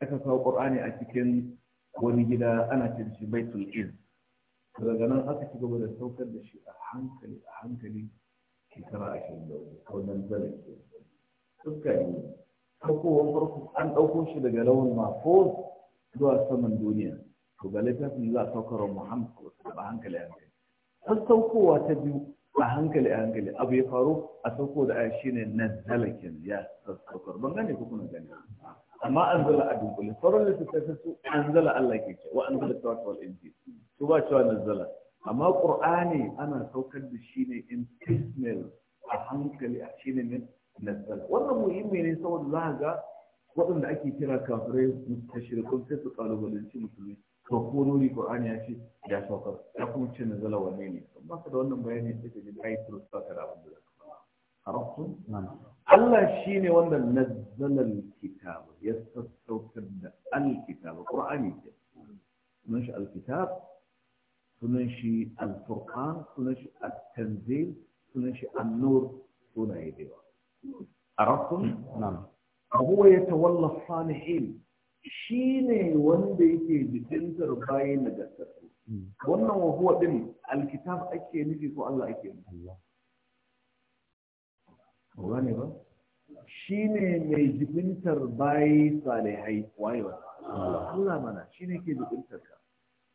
aka kawo ƙur'ani a cikin wani gida ana cin shi baitul ilm daga nan aka ci gaba da saukar da shi a hankali a hankali shekara ashirin da wani kaunar zalar ke fuska ɗaukowar farko an ɗauko shi daga lawan mafos zuwa saman duniya to ga littafin za a saukar muhammad a hankali a hankali har saukowa ta biyu a hankali a hankali abu ya faru a sauko da aya shine nazala kenan ya saukar ban gane ko kuna gane amma an zala a dunkule sauran littattafai su an zala Allah ke ce wa an zala tawata wal inji su ba cewa nazala amma qur'ani ana saukar da shi ne in piecemeal a hankali a shine min na wannan muhimmi ne saboda za ga waɗanda ake kira kafirai mustashirikun sai su kalubalanci musulmi to ko nuri qur'ani ya ce ya saukar ya kuma ce nazala wane ne ba ka da wannan bayani sai ka ji ai tursta ka da abin da zaka arabtu Allah shine wanda nazzala alkitab ya sassaukar da alkitab qur'ani ce sunan shi Al-Kitab, sunan shi alfurqan sunan shi at-tanzil sunan shi an-nur sunaye da yawa arabtum nam huwa yatawalla salihin shine wanda yake jidintar bayan nagartattu wannan wa huwa alkitab ake nufi ko Allah ake nufi Allah ne ba Shi ne mai jibintar bayi salihai waye ba Allah mana shi ne ke jibintar ka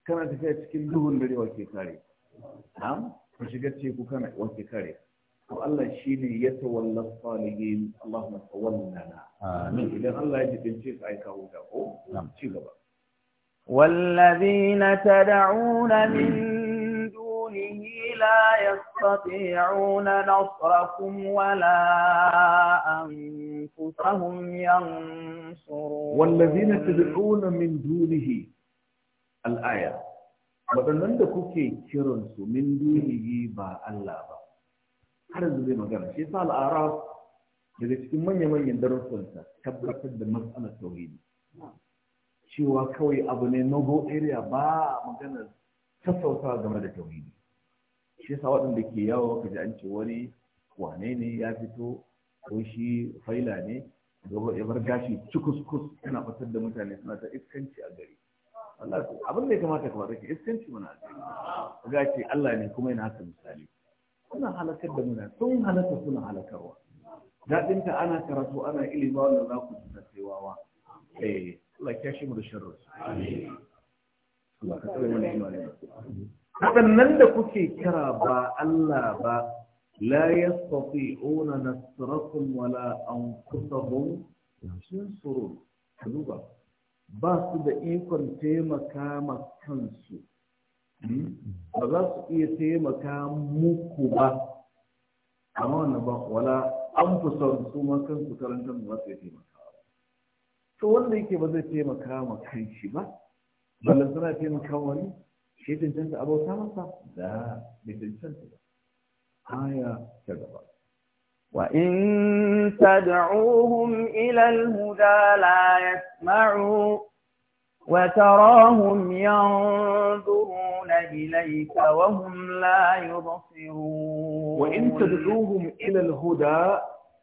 kana tafiya cikin duhun dare wake kare Na ka shiga teku kana wake kare to Allah ne ya tawalla salihin Allahumma tawallana amin idan Allah ya jibince ka ai kawo da ko ci gaba والذين تدعون من دونه لا يستطيعون نصركم ولا أنفسهم ينصرون والذين تدعون من دونه الآية waɗannan da kuke kiransu min dunihi ba Allah ba har yanzu zai magana shi yasa al'araf daga cikin manya-manyan darussansa tabbatar da matsalar tauhidi cewa kawai abu ne no go area ba magana sassauta game da tauhidi shi yasa waɗanda ke yawo ka ji an ce wani wane ne ya fito ko shi faila ne gaba ya bar gashi cikus-kus yana fitar da mutane suna ta iskanci a gari Allah abin da ya kamata ka faɗa ke iskanci mana a gari ga ce Allah ne kuma yana haka misali suna halakar da muna sun halaka suna halakarwa daɗinta ana karatu ana ilimi wanda za ku ji tasewawa eh Allah ya shi mu da sharri amin Allah ka da kuke kira ba Allah ba la yastati'una nasrakum wala anfusahum yansurun duba ba su da ikon taimaka ma kansu Hmm? ba za su iya taimaka muku ba amma wannan ba wala an fi son su ma kansu karanta ba za su iya taimaka ba to wanda yake ba zai taimaka ma kanshi ba ballan suna taimaka wani shi cancanta abauta masa da bai cancanta ba aya ta gaba وإن تدعوهم إلى الهدى لا يسمعوا وتراهم ينظرون إليك وهم لا يبصرون وإن تدعوهم إلى الهدى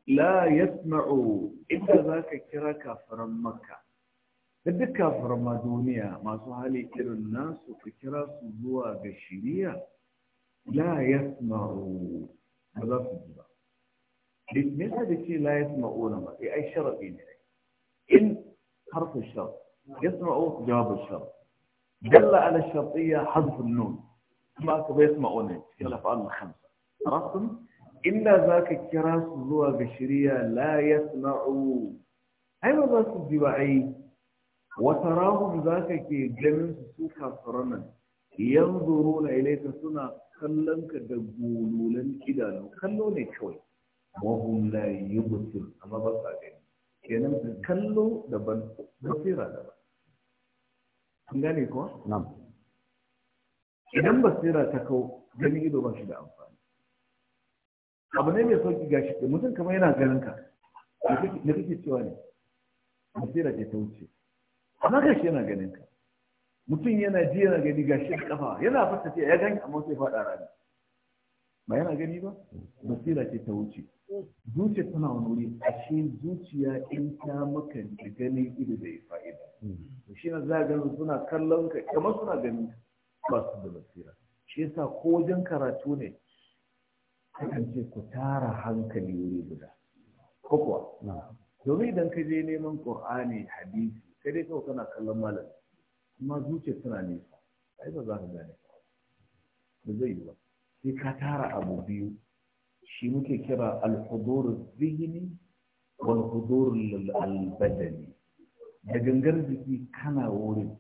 لا يسمعوا إن ذاك كرا كافرا مكة لدى كافرا ما دونيا ما سوالي كرا الناس وكرا سوزوا بشرية لا يسمعوا هذا في الجبا لماذا هذا لا يسمعون ما أي شرط يعني. إن حرف الشرط يسمعوا جواب الشرط دل على الشرطية حذف النون ما كبه يسمعون كلا فعل الخمسة عرفتم إلا ذاك الكراس ذو بشرية لا يسمعوا هل ذاك الدواعي وتراهم ذاك كي جمس سوكا فرنا ينظرون إليك سنة كلنك دقولولا إدانا كلوني شوي وهم لا يبصر أما بصر كلو دبن بصيرا دبن kun gane kuwa Nam. idan basira ta kau gani ido ba shi da amfani abu ne mai sauƙi gashi shi, mutum kamar yana ganin ka na kake cewa ne basira ke ta wuce amma shi yana ganin ka mutum yana ji yana gani gashi da kafa yana fata ce ya gani amma sai faɗa rani ba yana gani ba basira ce ta wuce zuciya tana wani wuri ashe zuciya in ta maka gani ido da ya fa'ida hmm. to shi ne za ga suna kallon ka kamar suna ganin ba su da basira shi yasa ko wajen karatu ne An ce ku tara hankali wuri guda ko kuwa domin idan ka je neman qur'ani hadisi sai dai kawai kana kallon malam amma zuciya tana nesa ai ba za ka gane ba zai yi ba sai ka tara abu biyu shi muke kira al-hudur zihni wal hudur al-badani da gangar jiki kana wurin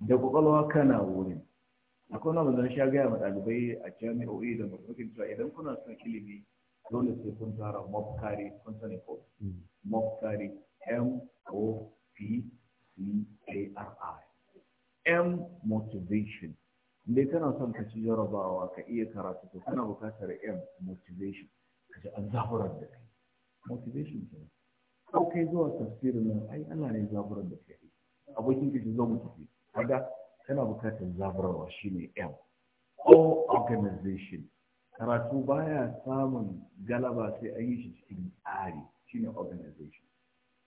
da kwakwalwa kana wurin akwai wani zan sha gaya ma ɗalibai a jami'o'i da mafi cewa idan kuna son ilimi dole sai kun tara mafkari kun sani ko mafkari hmm. m o p c a r i m motivation dai kana son ka ci jarabawa ka iya karatu to kana buƙatar m motivation ka ji an zaburar da kai motivation kenan ko kai zuwa tafsirin nan ai ana ne zaburar da kai abokin ki zo mu tafi kaga kana bukatar zaburarwa shine M ko organization karatu baya samun galaba sai an yi shi cikin tsari shine organization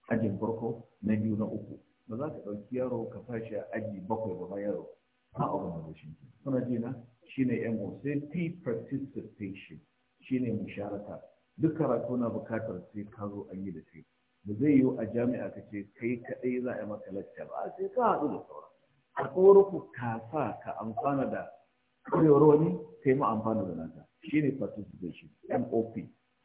ajin farko na biyu na uku ba za ka ɗauki yaro ka fashi a aji bakwai ba ma yaro na organization suna jina shine MO sai P participation shine musharaka duk karatu na bukatar sai ka zo an yi da sai da zai yiwu a jami'a ka ce kai kaɗai za a yi maka lacca ba A sai ka haɗu da sauran a tsoro ku sa ka amfana da kurewar wani kai ma amfana da naka ne participation mop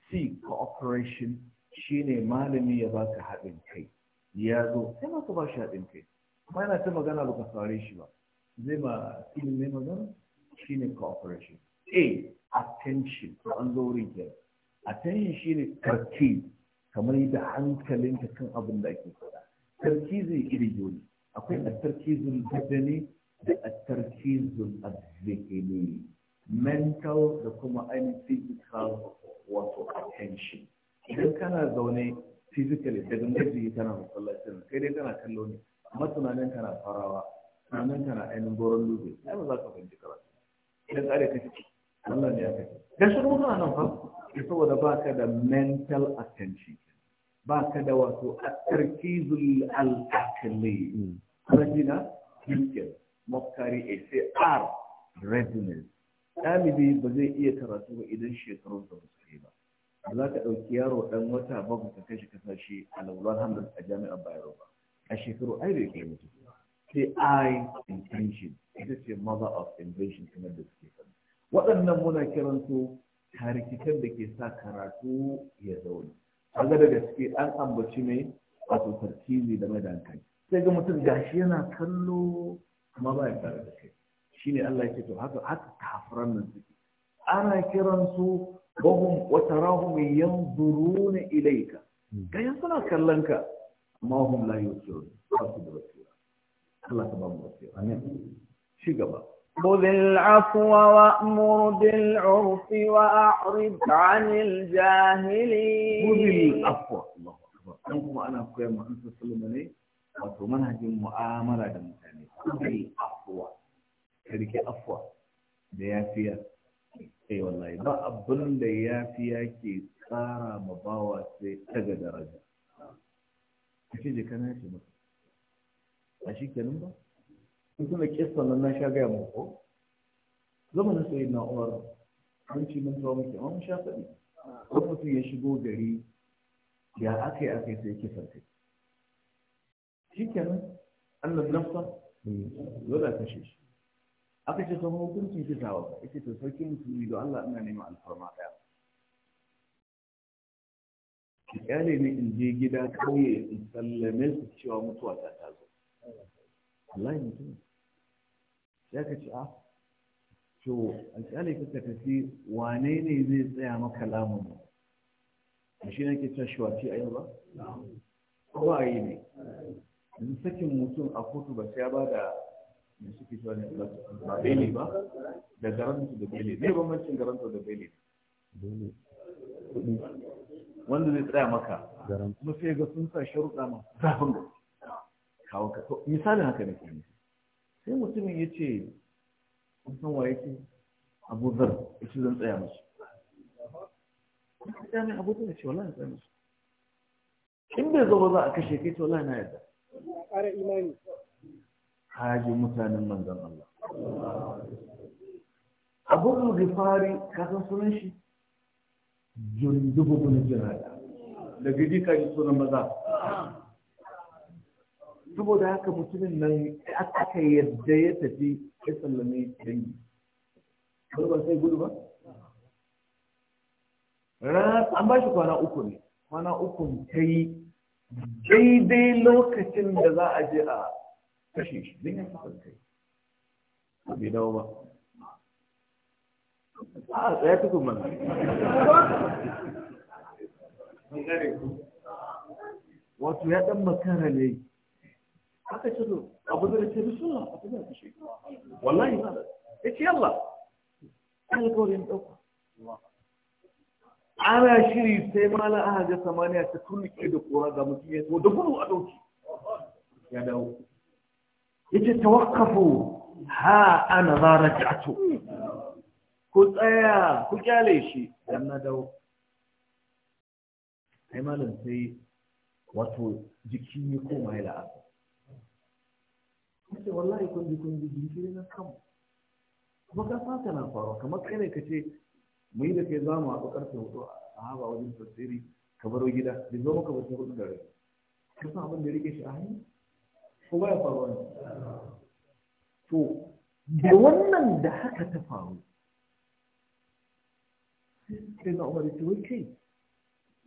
c cooperation Shi ne malami ya baka haɗin kai ya zo sai ma ka ba shi haɗin kai kuma yana ta magana ba ka saurare shi ba zai ma mai magana ne cooperation a attention to an zo wurin kenan attention shi ne tarkib kamar yi da hankalinka kan abin da ake faɗa tarkizin iri ne akwai a attarkizul badani da attarkizul azzikini mental da kuma ainihin physical wato attention idan kana zaune physically da gangaji kana masallacin kai dai kana kallo ne amma tunanin kana farawa tunanin kana ainihin goron lube ai ba za ka fahimci karatu idan kare ka ciki Allah ne ya kai gashi kuma kana nan fa saboda ba ka da mental attention ba ka da wato tarkizul al'akali harajina hmm. yankin mafkari a eh, sai r readiness ɗalibi ba zai iya karatu ba idan shekarun da su yi ba ba za ka ɗauki yaro ɗan wata ba ka kashe kasashe shi a lauran hamdan a jami'ar bayero ba a shekaru ai bai kai mutu sai i intention ita ce mother of invention kamar da suke faɗi waɗannan muna su. rikitar da ke sa karatu ya zaune. A ga daga suke an ambaci mai tsofar cizi da mai dankali sai ga mutum gashi yana kallo kuma ba ya tare da kai shine Allah ce to haka haka kafiran nan suke ana kiran su wahum wa tarahum yanzuruna ilayka gayan hmm. suna kallon ka amma hum la ba su da Allah ta ba mu amin shi gaba خذ العفو وأمر بالعرف وأعرض عن الجاهلين خذ العفو الله أكبر أنكم أنا أقول ما أنت لي سلمني وتمنهج المؤامرة المتانية خذ العفو كذلك عفو da yafiya أي والله ما أبن da yafiya كي tsara ma سي sai daga daraja kace je kana shi maka suna kistan nan na sha gaya muku zamanin sai na umar an ci mun tsawo muke an sha faɗi wani mutum ya shigo gari ya aka yi aka yi sai kisan kai shi kenan allah nafsa dole a kashe shi aka ce sama hukuncin kisawa ka ita ta sarki musulmi da allah ina neman alfarma ɗaya kyale ne in je gida kauye in sallame su cewa mutuwa ta tazo wallahi mutum sai ka ce a ah, to alƙali ka tafi wane ne zai tsaya maka lamun ba shi ne ke cewa shawaci a yau ba ko a yi ne yanzu sakin mutum a kotu ba sai ya ba da mai suke cewa ne ba bele ba da garanto da bele ne ba mancin garanto da bele wanda zai tsaya maka kuma sai ga sun sa sharuɗa ma zafin gaske kawo ka misalin haka ne kuma sai mutumin ya ce san waye ce abubuwan ya ce zan tsaya musu ya mai abubuwan ya ce wala ya tsaya musu in bai zo ba za a kashe kai to wala na yadda ƙara imani hajji mutanen manzan Allah da fari kasan sunan shi jundubu bin jirada daga jika ji sunan maza saboda haka mutumin nan aka yadda ya tafi ya sallame dangi wani ba sai gudu ba an ba shi kwana uku ne kwana uku ta yi daidai lokacin da za a je a kashe shi Zai ya fara kai bai dawo ba a tsaye tukun mana wato ya dan makara ne haka ce zo abu da ce bismillah a tafiya da shi wallahi ma ya ce yalla An yi yin ɗauka ana shiri sai ma na aka ga samaniya ta tullike da kora ga mutum ya zo da gudu a ɗauki ya dawo ya ce tawakkafu ha ana za raja'atu ku tsaya ku kyale shi dan na dawo kai malam sai wato jiki ya koma ya la'asa kace wallahi kun ji kun ji jinkiri na kama kuma ka fata na faruwa kamar kai ne ka ce mu yi da kai za mu haɗu ƙarfe hudu a haɓa wajen tasiri ka baro gida da zo maka wasu hudu da rai ka san abin da rike shi a hanyar ko ba ya faruwa ne to da wannan da haka ta faru sai na umar ya ce wai kai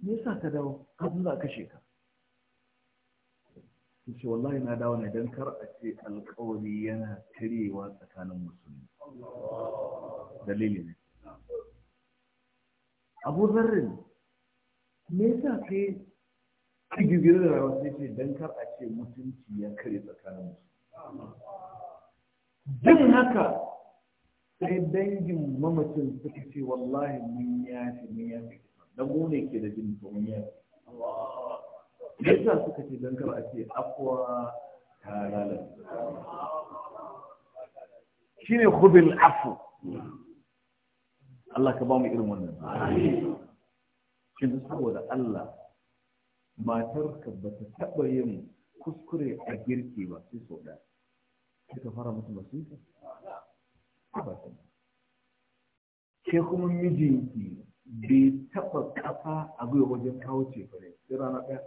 me yasa ka dawo kafin za a kashe ka ce wallahi na dawo ne don kar a ce alkawari yana karewa tsakanin musulmi dalili ne abu zarrin me yasa kai girgirar da sai ce don kar a ce mutunci ya kare tsakanin musulmi jin haka sai dangin mamacin suka ce wallahi mun yafi mun yafi dan ne ke da jin to mun yafi yadda suka ce don kar a ce akwa ta shi ne hudun afu Allah ka ba mu irin wannan shi ne saboda Allah matarka ba ta taɓa yin kuskure a girki ba sai sau ɗaya sai ka fara musu masu ba ke kuma mijinki bai taɓa ƙafa a gwiwa wajen kawo ce ba ne sai rana ɗaya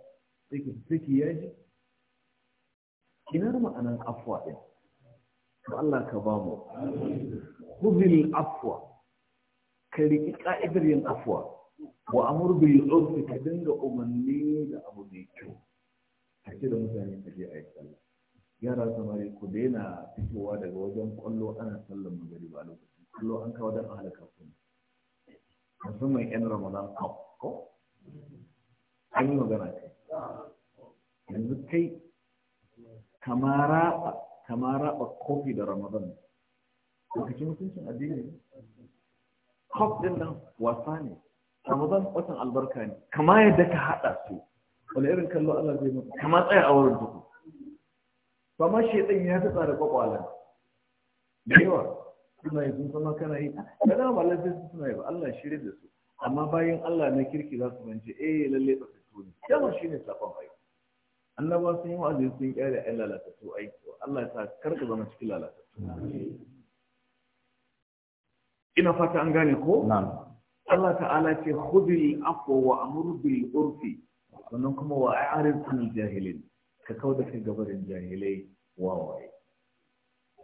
take take yaji ina ma'anar afuwa ɗin to Allah ka ba mu khudhil afwa ka ka'idar yin afwa wa amur bil urfi ka dinga umarni da abu mai kyau a da mutane ka je a yi sallah yara samari ku daina fitowa daga wajen kwallo ana sallar magari ba lokaci. kwallo an kawo don halaka ku musamman yan ramadan ko an yi magana kai yanzu kai kamara raba kofi da ramadan lokacin mutuncin addini ne kof din nan wasa ne ramadan watan albarka ne kama yadda ka haɗa su wani irin kallo allah zai mutu kama tsaya a wurin duku kama shaidan ya ta tsara kwakwalan da yawa suna yi sun sama kana yi kada ba lafiya suna yi ba allah shirya da su amma bayan allah na kirki za su manci eh lalle tsakaci ne yawan shi ne sakon ai annabawa sun yi wa'azi sun kyale ai lalatattu ai Allah ya sa karka zama cikin lalatattu ina fata an gane ko Allah ta'ala ce khudil afwa wa amur bil urfi sannan kuma wa a'rid anil jahilin ka kauda kai gabarin jahilai wawaye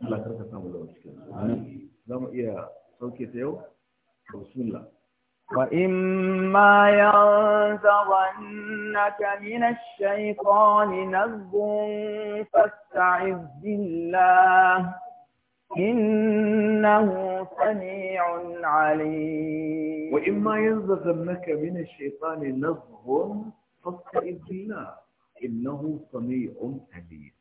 Allah karka samu da cikin za mu iya sauke ta yau bismillah وإما ينزغنك من الشيطان نزغ فاستعذ بالله إنه سميع عليم وإما ينزغنك من الشيطان نزغ فاستعذ بالله إنه سميع عليم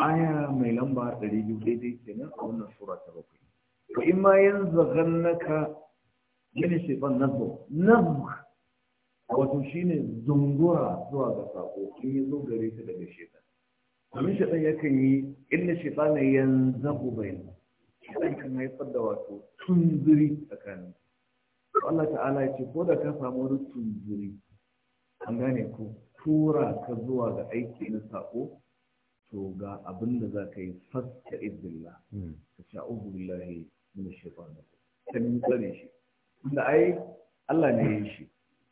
آية ميلان بار دليل ديدي سنة أو نصورة ربي وإما ينزغنك yana shaitan nazo nazo wato shine zungura zuwa ga sako in yi zo gare ta daga shaitan domin shaitan yakan yi inna shaitana yanzahu bainahum shaitan kan haifar da wato tunzuri tsakanin Allah ta'ala ya ce ko da ka samu wani tunzuri an gane ko tura ka zuwa ga aiki na sako to ga abin da za ka yi fasta izinla hmm. ka sha'ubu billahi min shaitan kan tsare shi da ai Allah ne ya yi shi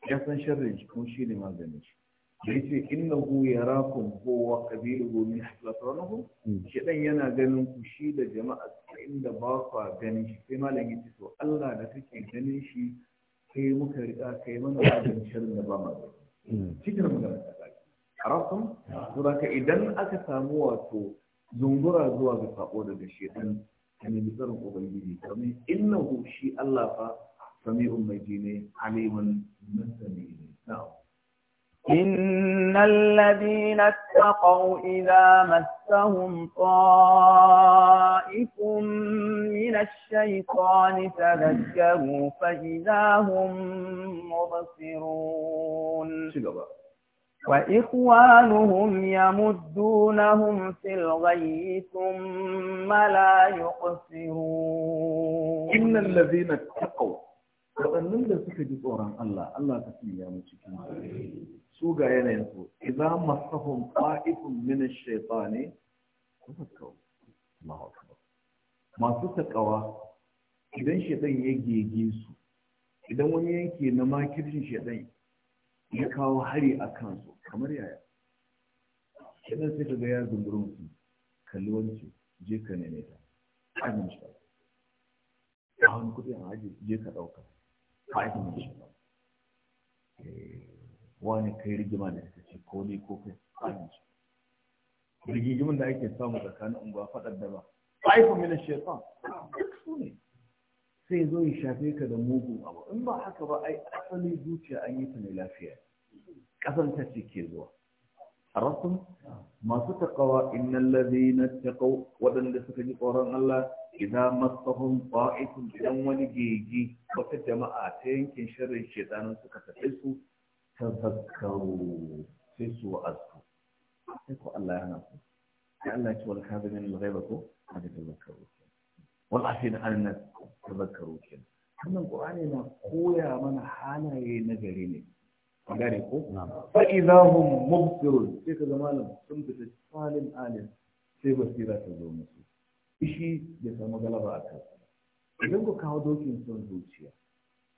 ya san sharrin shi kuma shi ne maganin shi da yace innahu yarakum huwa qabiluhu min hasratuhu hmm. Shidan yana ganin ku shi da jama'a inda ba kwa ganin shi sai malam ce to Allah da kake ganin shi kai muka riƙa kai mana maganin sharrin da ba ma hmm. cikin magana ta kai arafun hmm. to da idan aka samu wato zungura zuwa ga sako daga shedan kan yi tsarin ubangiji kamar hu shi Allah fa سميع مجيد عليم مثلين نعم. إن الذين اتقوا إذا مسهم طائف من الشيطان تذكروا فإذا هم مبصرون وإخوانهم يمدونهم في الغي ثم لا يقصرون إن الذين اتقوا waɗannan da suka ji tsoron Allah Allah ka ya mu cikin su ga yanayin su idza masahum qa'ifun min ash-shaytani tafakkaru Allahu akbar masu takawa idan shaytan ya gege su idan wani yanke na makircin shaytan ya kawo hari a kansu kamar yaya shaytan sai ka ga ya zumburin su kalli wance je ka neme ta amince ta wani kuɗi a aji je ka ɗauka fa'idin da shi eh, wani kai rigima da suka ce ko ne ko kai fa'idin shi rigigimin da ake samu tsakanin in ba faɗar da ba fa'ifin mina shaitan duk su ne sai zo ya shafe ka da mugun abu in ba haka ba ai asali zuciya an yi ta mai lafiya ƙasar ta ce ke zuwa arasum masu takawa innal na taƙau waɗanda suka ji tsoron Allah idan matsahun ba'ifun idan wani gegi wata jama'a ta yankin shirin shedanin suka tafi su ta zakaru sai su wa'azu sai ko Allah ya hana su sai Allah ya ce wal kazimin al-ghaiba ko hada ta zakaru wal afin annas ta zakaru ke wannan qur'ani na koya mana halaye na gari ne gane ko fa idahum mubsirun sai ka zama sun fita salim alim sai basira ta zo musu shi ya samu galaba a kai idan ku kawo dokin son zuciya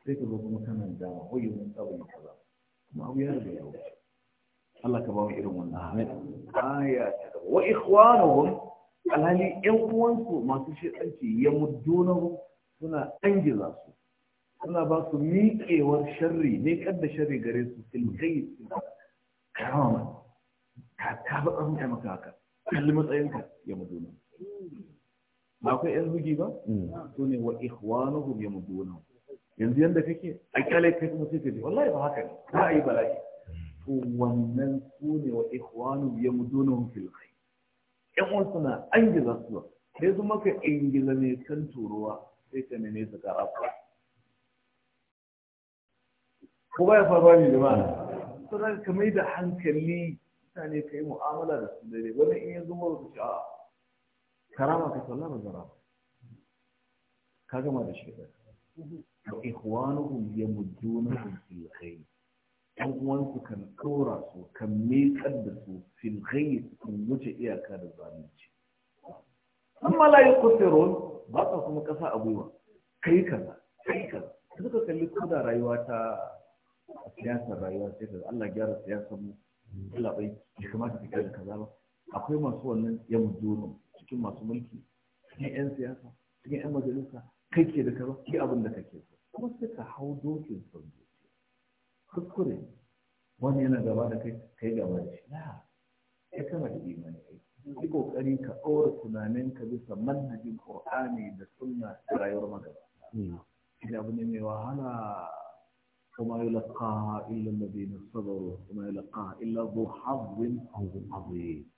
sai ka zo kuma kana dama wai mun tsaba ya kaza kuma abu ya riga ya wuce Allah ka ba mu irin wannan amin aya ta gaba wa ikhwanuhum alhali yan uwansu masu shedanci ya muddunahum suna angiza su suna ba su miƙewar sharri ne kadda sharri gare su fil ghayb karama ka ta ba an kai maka haka kalli matsayinka ya mudduna. Akwai kai yan zugi ba to mm. ne wa ikhwanuhum yamduna yanzu yanda kake a kyale kai kuma sai ka ji wallahi ba haka ne za a yi bala'i mm. to wannan su ne wa ikhwanuhum yamduna fil khair yan uwan suna an giza su sai zuma ka ingiza ne kan turuwa sai ka nene su karafa ko ba ya faruwa ne jama'a to za ka mai da hankali mutane ka yi mu'amala da su daidai wani in ya zama wasu sha'a karama ka sallah ba zara ba ka gama da shi da wa ikhwanuhum yamuddunahum fil khayr an uwansu kan ɗora su kan miƙar da su fil khayr kun wuce iyaka da zalunci amma la yuqsirun ba ka kuma kasa a gwiwa kai kaza kai kaza suka kalli ko da rayuwa ta siyasar rayuwa sai ka Allah gyara siyasar mu Allah bai ya kamata ka kaza ba akwai masu wannan yamuddunahum cikin masu mulki cikin 'yan siyasa cikin 'yan majalisa kai ke da kaza ki abin da kake so kuma sai ka hau dokin son zuciya kuskure wani yana gaba da kai kai gaba da shi na ya kama da imani kai yi kokari ka ɗora tunanin ka bisa manhajin qur'ani da sunna da rayuwar magana hmm. Ina abu ne mai wahala وما illa إلا الذين Kuma وما يلقاها illa ذو حظ عظيم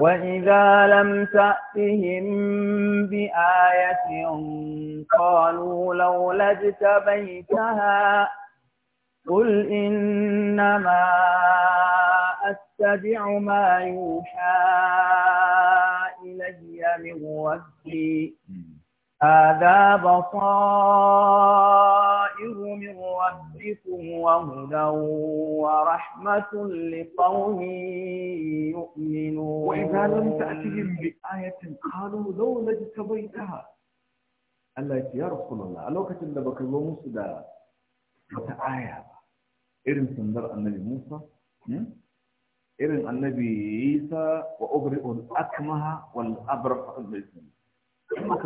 وإذا لم تأتهم بآية قالوا لولا اجتبيتها قل إنما أتبع ما يوحى إلي من ربي هذا بصائر الحق من ربكم وهدى ورحمة لقوم يؤمنون وإذا لم تأتهم بآية قالوا لولا اجتبيتها Allah ya rasul Allah a lokacin da baka zo musu da wata aya irin sandar annabi Musa irin annabi Isa wa ubri ul akmaha wal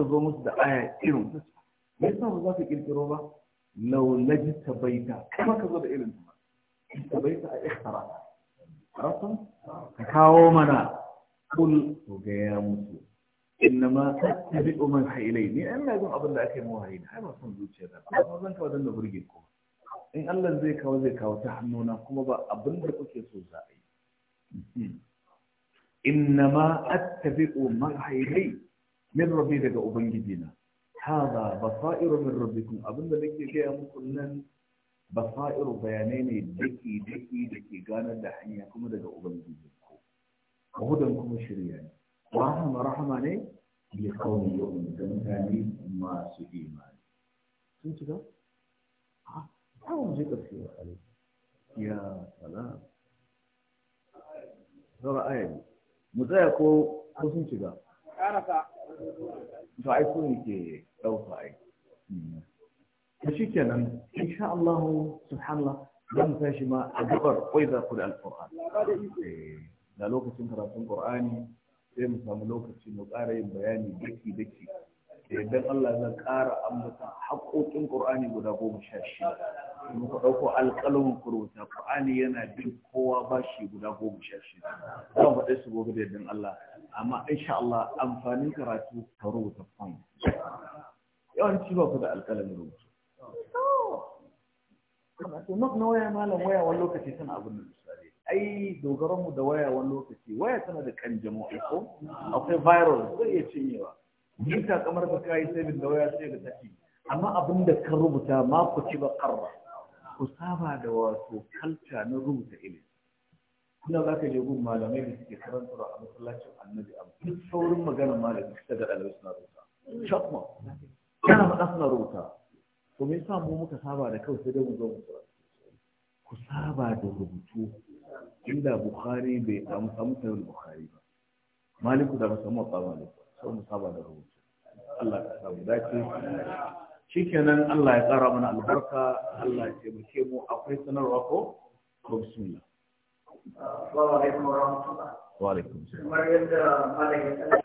zo musu da aya irin ta me yasa ba za ka ƙirƙiro ba laulaji tabaita kuma ka zo da irin ta tabaita a ikhtara ka kawo mana kul to ga ya musu innama tabi'u man hailai ni ina jin abin da ake mu hailai ai ba son zuciya da zan kawo dan da in Allah zai kawo zai kawo ta hannuna kuma ba abin kuke so za a yi attabi'u man hailai daga ubangiji na hada basairu min rabbikum abinda nake gaya muku nan basairu bayanai ne daki daki da ke ganar da hanya kuma daga ubangiji ko hudan kuma shirya ne rahama rahama ne ya kawai yau da mutane masu imani sun shiga a yawon je ƙarshe wa alaikum ya salam zara ayani mu tsaya ko sun shiga ƙarasa to ai sun ke ɗauka ai ta shi kenan insha Allah subhanallah zan tashi ma a gabar kwaida ku da alƙur'an eh, da lokacin karatun ƙur'ani sai mu samu lokaci mu ƙara yin bayani daki daki idan Allah zan ƙara ambata haƙoƙin ƙur'ani guda goma sha shida kuma ɗauko alƙalamin kurwata ƙur'ani yana bin kowa ba shi guda goma sha shida zan faɗe su gobe da idan Allah amma insha Allah amfanin karatu ka rubuta fam yawanci ba ku da alƙalamin rubutu to na waya malam waya wani lokaci tana abin da misali ai dogaron mu da waya wani lokaci waya tana da kanjamo ko akwai virus zai iya cinyewa in ka kamar ka kai sai da waya sai da tafi. amma abin da ka rubuta ma ku ci ba karba ku saba da wato kalta na rubuta ilimi ina za ka je gun malamai da suke karantarwa a masallacin annabi a saurin magana malamai ta da ɗalibai suna rubuta chapman kana faɗa suna rubuta to me yasa mu muka saba da kawai sai dai mu zo mu ku saba da rubutu inda bukhari bai samu samu sayin bukhari ba maliku da samu ba maliku sai mu saba da rubutu Allah ya samu dace shikenan Allah ya tsara mana albarka Allah ya taimake mu akwai sanarwa ko ko bismillah wa alaikum wa rahmatullah wa alaikum salam